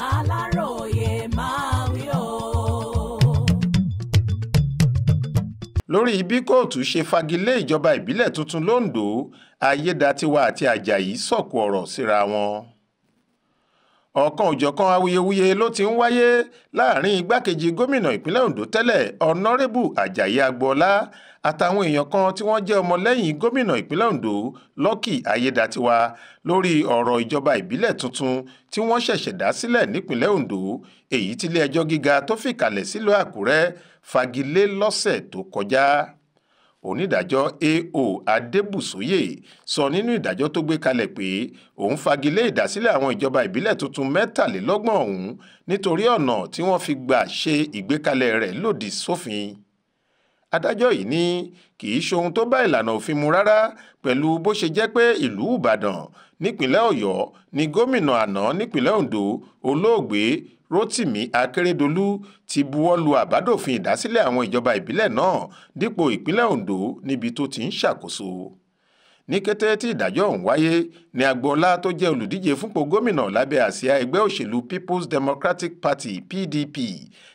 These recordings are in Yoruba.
aláròye máa wí o. lórí bí kóòtù ṣe fagilé ìjọba ìbílẹ̀ tuntun londo ayédatiwa àti ajayi sọ̀kò ọ̀rọ̀ síra wọn ọ̀kan-ò-jọ̀kan awuyewuye ló ti ń wáyé láàrin igbákejì gómìnà ìpínlẹ̀ Ondo tẹ́lẹ̀ ọ̀nàrẹ́bù Ajayi Agboola àtàwọn èèyàn kan tí wọ́n jẹ́ ọmọlẹ́yìn gómìnà ìpínlẹ̀ Ondo Lucky Ayédatiwa lórí ọ̀rọ̀ ìjọba ìbílẹ̀ tuntun tí wọ́n ṣẹ̀ṣẹ̀ dá sílẹ̀ nípínlẹ̀ Ondo èyí tílé ẹjọ́ gíga tó fìkàlẹ̀ sílùú Àkúrẹ́ fagilé lọ́sẹ̀ tó kọjá onídàájọ́ A.O. Adébùsóyè sọ nínú ìdájọ́ tó gbé kalẹ̀ pé òun fagilé ìdásílẹ̀ àwọn ìjọba ìbílẹ̀ tuntun mẹ́tàlélọ́gbọ̀n ọ̀hún nítorí ọ̀nà tí wọ́n fi gbà ṣe ìgbékalẹ̀ rẹ̀ lòdì sófin adájọ́ yìí ní kì í ṣohun tó bá ìlànà òfin mu rárá pẹ̀lú bó ṣe jẹ́ pé ìlú Ìbàdàn nípínlẹ̀ Ọ̀yọ́ ni gómìnà àná nípínlẹ̀ Ondo olóògbé Rotimi Akeredolu ti buwọ́lu àbádòfin ìdásílẹ̀ àwọn ìjọba ìbílẹ̀ náà dípò ìpínlẹ̀ Ondo níbi tó ti ń ṣàkóso. Ní kété tí ìdájọ́ ọ̀hún wáyé ni Agboola tó jẹ́ olùdíje fúnpò gómìnà lábẹ́ àsíá ẹgbẹ́ òṣèlú People's Democratic Party PDP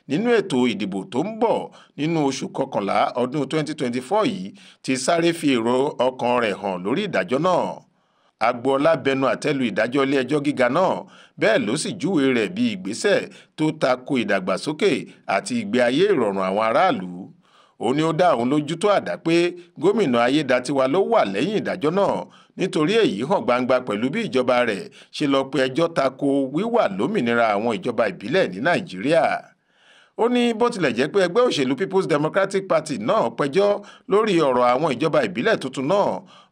nínú ètò ìdìbò tó ń bọ̀ nínú oṣù kọkànlá ọdún 2024 yìí ti sáré fi èrò ọkàn rẹ̀ hàn lórí ìdájọ́ náà agboola bẹnu àtẹ́lu ìdájọ́ ilé-ẹjọ́ gíga náà bẹ́ẹ̀ ló sì júwe rẹ̀ bí ìgbésẹ̀ tó tako ìdàgbàsókè àti ìgbé ayé ìrọ̀rùn àwọn aráàlú ó ní ó dá òun lójú tó àdá pé gómìnà ayédatiwa ló wà lẹ́yìn ìdájọ́ náà nítorí èyí hàn gbangba pẹ̀lú bí ìjọba rẹ̀ ṣe lọ pe ẹjọ́ tako wíwà lómìnira àwọn ìjọba ìbílẹ̀ ní nàìjíríà ó ní bó tilẹ̀ jẹ́ pé ẹgbẹ́ òṣèlú People's Democratic Party náà pẹjọ́ lórí ọ̀rọ̀ àwọn ìjọba ìbílẹ̀ tuntun náà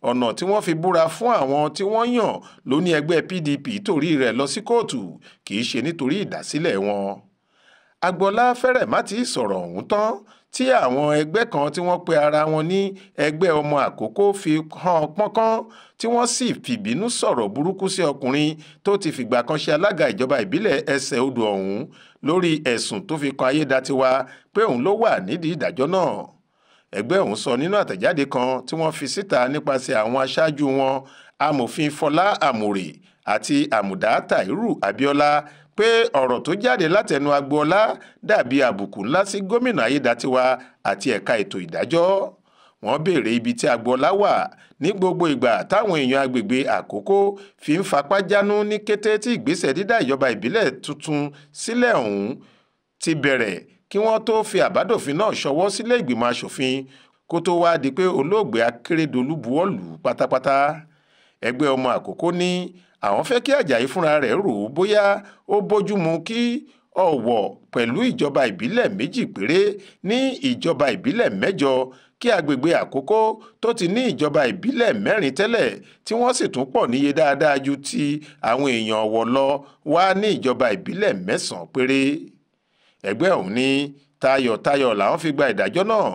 ọ̀nà tí wọ́n fi búra fún àwọn tí wọ́n yàn ló ní ẹgbẹ́ PDP torí rẹ̀ lọ sí kóòtù kì í ṣe nítorí ìdásílẹ̀ wọn. Agboola fẹ́rẹ̀ má ti sọ̀rọ̀ ọ̀hún tán tí àwọn ẹgbẹ́ kan tí wọ́n pe ara wọn ní ẹgbẹ́ ọmọ àkókò fi hàn pọ́nkán tí wọ́n sì fìbínú sọ̀rọ̀ burúkú sí ọkùnrin tó ti fìgbà kan ṣe alága ìjọba ìbílẹ̀ ẹsẹ̀ odò ọ̀hún lórí ẹ̀sùn tó fi kan ayédatiwa pé òun ló wà nídìí ìdájọ́ náà ẹgbẹ́ ọ̀hún sọ nínú àtẹ̀jáde kan tí wọ́n fi síta nípasẹ̀ àwọn aṣáájú wọn amòfin fọlá àmùrè àti àmùdá tàírù abíọ́lá pé ọ̀rọ̀ tó jáde látẹnu agboola dàbí àbùkù ńlá sí gómìnà ayédatiwa àti ẹ̀ka ètò ìdájọ́ wọ́n béèrè ibi tí agboola wà ní gbogbo ìgbà táwọn èèyàn agbègbè àkókò fi ń fapá jánu ní kété tí ìgbésẹ̀ dídá ìjọba ìbílẹ̀ tuntun sílẹ̀ ọ̀hún ti bẹ̀rẹ̀ kí wọ́n tó fi àbádòfin náà ṣọwọ́ sílé ìgbìmọ̀ asòfin kó tó wáá di pé olóògbé akérèdọ́lù buwọ́ pátápátá ẹgbẹ́ ọmọ àkókò ní àwọn fẹ́ kí Àjàyí fúnra rẹ̀ rò ó bóyá ó bójúmu kí Ọ̀wọ̀ pẹ̀lú ìjọba ìbílẹ̀ méjì péré ní ìjọba ìbílẹ̀ mẹ́jọ kí agbègbè àkókò tó ti ní ìjọba ìbílẹ̀ mẹ́rin tẹ́lẹ̀ tí wọ́n sì tún pọ̀ níye dáadáa ju ti àwọn èèyàn Ọ̀wọ̀ lọ wà ní ìjọba ìbílẹ̀ mẹ́sàn-án péré ẹgbẹ́ ọ̀hún ní tayọ̀tayọ̀ làwọn fi gba ìdájọ́ náà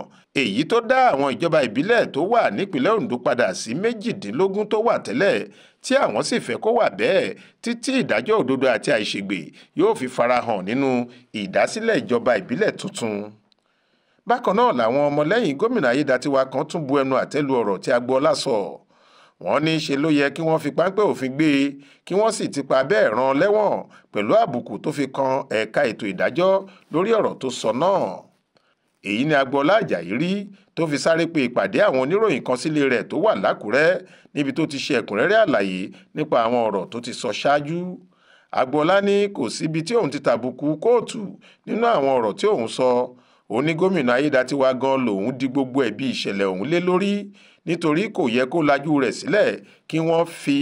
èyí tó dá àwọn ìjọba ìbílẹ̀ tó wà nípìnlẹ̀ Ondo padà sí méjìdínlógún tó wà tẹ́lẹ̀ tí àwọn sì fẹ́ kó wà bẹ́ẹ̀ títí ìdájọ́ òdodo àti àìṣègbè yóò fi farahàn nínú ìdásílẹ̀ ìjọba ìbílẹ̀ tuntun bákan náà làwọn ọmọlẹ́yìn gómìnà Ayédatiwa kan tún bu ẹnu àtẹ́ lu ọ̀rọ̀ tí Agboola sọ wọ́n ní ṣe ló yẹ kí wọ́n fi páńpẹ́ òfin gbé e kí wọ́n sì ti pa bẹ́ẹ̀ rán lẹ́wọ̀n pẹ̀lú àbùkù tó fi kan ẹ̀ka ètò ìdájọ́ lórí ọ̀rọ̀ tó sọ náà èyí ni agboola ajayi rí tó fi sáré pe ìpàdé àwọn oníròyìn kan sílé rẹ̀ tó wà lákùrẹ́ níbi tó ti ṣe ẹ̀kúnrẹ́rẹ́ àlàyé nípa àwọn ọ̀rọ̀ tó ti sọ ṣáájú agboola ní kò síbi tí òun ti tàbùkù kóòtù nínú àwọn ọ̀rọ̀ tí òun sọ òun ní gómìnà ayédatiwa gan lòun di gbogbo ẹ̀bi ìṣẹ̀lẹ̀ ọ̀hún lé lórí nítorí kò yẹ kó lajú rẹ̀ sílẹ̀ kí wọ́n fi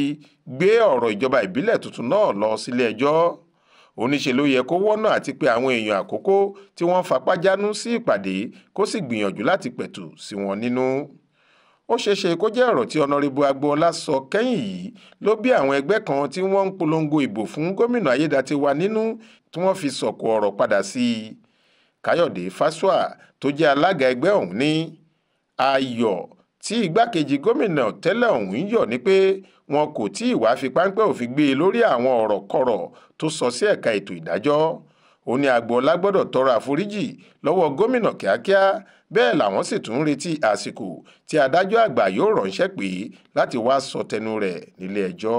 gbé ọ̀rọ̀ ìjọba ìbílẹ̀ tuntun náà lọ sílé ẹjọ́ oníṣe ló yẹ kó wọ́nà àti pé àwọn èèyàn àkókò tí wọ́n fapá jánú sí ìpàdé kó sì gbìyànjú láti pẹ̀tù sí wọn nínú ó ṣeéṣe kó jẹ́ ọ̀rọ̀ tí ọ̀nàrẹ́bù agboola sọ kẹ́yìn yìí ló bí àwọn ẹgbẹ́ kan tí wọ́n ń polongo ìbò fún gómìnà ayédatiwa nínú tí wọ́n fi sọ̀kò ọ̀rọ̀ padà sí i káyọ̀dé fásua tó jẹ́ alága ẹgbẹ́ ọ̀hún ní ayọ̀ tí igbákejì gómìnà tẹ́lẹ̀ ọ̀hún yọ̀ ni pé wọn kò tí ì wá fi páńpẹ́ òfin gbé e lórí àwọn ọ̀rọ̀ kọ̀rọ̀ tó sọ sí ẹ̀ka ètò ìdájọ́ ó ní agboola gbọ́dọ̀ tọrọ àforíjì lọ́wọ́ gómìnà kíákíá bẹ́ẹ̀ làwọn sì tún ń retí àsìkò tí adájọ́ àgbà yóò ránṣẹ́ pé láti wáá sọ tẹnu rẹ̀ nílé ẹjọ́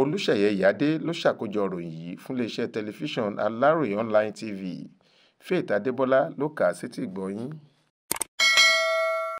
olùṣeyẹ ìyáde ló ṣàkójọ ròyìn yìí fún iléeṣẹ́ tẹlifíṣàn aláròye online tv faith adébọlá ló kà á sétí ìgbọ́